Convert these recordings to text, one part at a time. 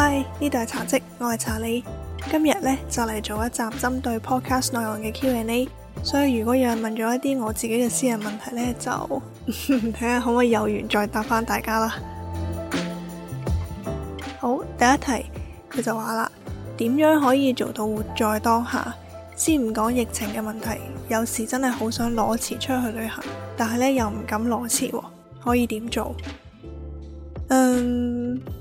Hi，呢度係茶嘖，我係查理。今日呢，就嚟做一集針對 Podcast 內容嘅 Q&A，所以如果有人問咗一啲我自己嘅私人問題呢，就睇下 可唔可以有緣再答返大家啦。好，第一題佢就話啦，點樣可以做到活在當下？先唔講疫情嘅問題，有時真係好想攞錢出去旅行，但係呢又唔敢攞錢，可以點做？嗯、um。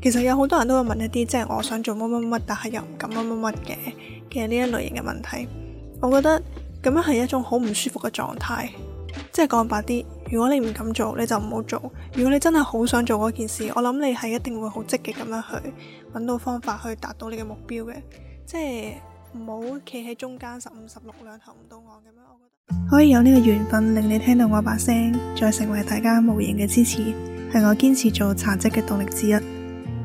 其實有好多人都會問一啲，即係我想做乜乜乜，但係又唔敢乜乜乜嘅嘅呢一類型嘅問題。我覺得咁樣係一種好唔舒服嘅狀態。即係講白啲，如果你唔敢做，你就唔好做。如果你真係好想做嗰件事，我諗你係一定會好積極咁樣去揾到方法去達到你嘅目標嘅。即係唔好企喺中間十五十六兩頭唔到岸咁樣。我覺得可以有呢個緣分令你聽到我把聲，再成為大家無形嘅支持，係我堅持做茶嘖嘅動力之一。